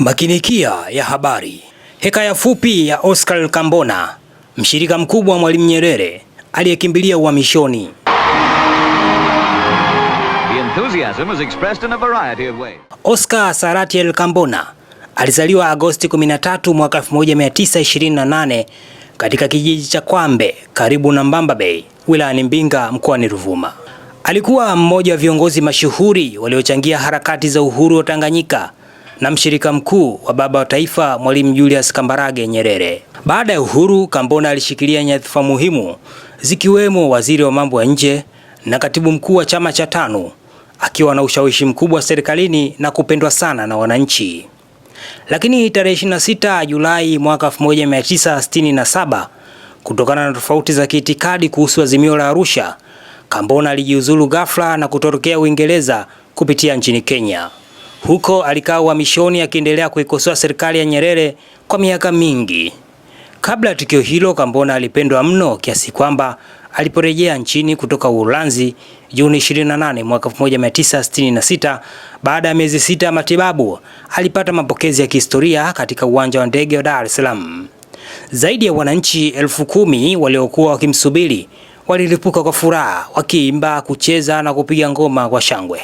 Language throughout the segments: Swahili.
Makinikia ya habari. Hekaya fupi ya Oscar Kambona, mshirika mkubwa wa Mwalimu Nyerere aliyekimbilia uhamishoni. Oscar Saratiel Kambona alizaliwa Agosti 13 mwaka 1928 katika kijiji cha Kwambe karibu na Mbamba Bay wilayani Mbinga mkoani Ruvuma. Alikuwa mmoja wa viongozi mashuhuri waliochangia harakati za uhuru wa Tanganyika na mshirika mkuu wa baba wa taifa Mwalimu Julius Kambarage Nyerere. Baada ya uhuru, Kambona alishikilia nyadhifa muhimu zikiwemo waziri wa mambo ya nje na katibu mkuu wa chama cha TANU, akiwa na ushawishi mkubwa serikalini na kupendwa sana na wananchi. Lakini tarehe 26 Julai mwaka 1967 kutokana na tofauti za kiitikadi kuhusu azimio la Arusha, Kambona alijiuzulu ghafla na kutorokea Uingereza kupitia nchini Kenya. Huko alikaa uhamishoni akiendelea kuikosoa serikali ya Nyerere kwa miaka mingi. Kabla ya tukio hilo, Kambona alipendwa mno kiasi kwamba aliporejea nchini kutoka Uholanzi Juni 28 mwaka 1966, baada ya miezi sita ya matibabu, alipata mapokezi ya kihistoria katika uwanja wa ndege wa Dar es Salaam. Zaidi ya wananchi elfu kumi waliokuwa wakimsubiri walilipuka kwa furaha, wakiimba, kucheza na kupiga ngoma kwa shangwe.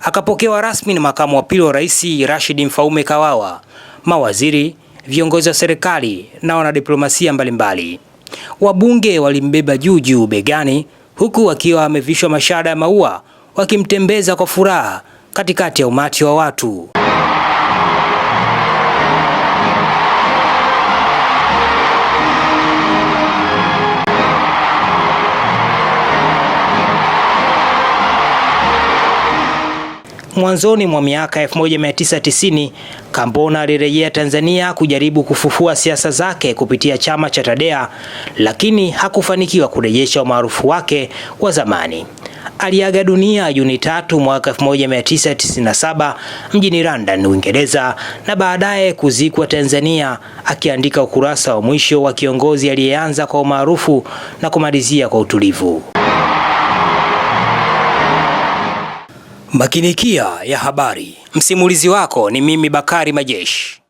Akapokewa rasmi na makamu wa pili wa rais Rashid Mfaume Kawawa, mawaziri, viongozi wa serikali na wanadiplomasia mbalimbali. Wabunge walimbeba juu juu begani, huku wakiwa wamevishwa mashada ya maua, wakimtembeza kwa furaha katikati ya umati wa watu. Mwanzoni mwa miaka 1990 Kambona alirejea Tanzania kujaribu kufufua siasa zake kupitia chama cha Tadea, lakini hakufanikiwa kurejesha umaarufu wake wa zamani. Aliaga dunia Juni tatu mwaka 1997 mjini London, Uingereza na baadaye kuzikwa Tanzania, akiandika ukurasa wa mwisho wa kiongozi aliyeanza kwa umaarufu na kumalizia kwa utulivu. Makinikia ya habari, msimulizi wako ni mimi Bakari Majeshi.